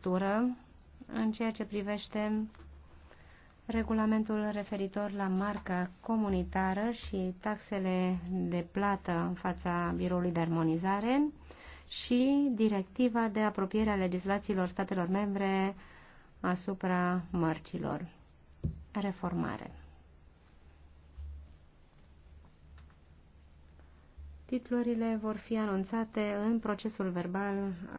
lectură în ceea ce privește regulamentul referitor la marca comunitară și taxele de plată în fața biroului de armonizare și directiva de apropiere a legislațiilor statelor membre asupra mărcilor. Reformare. Titlurile vor fi anunțate în procesul verbal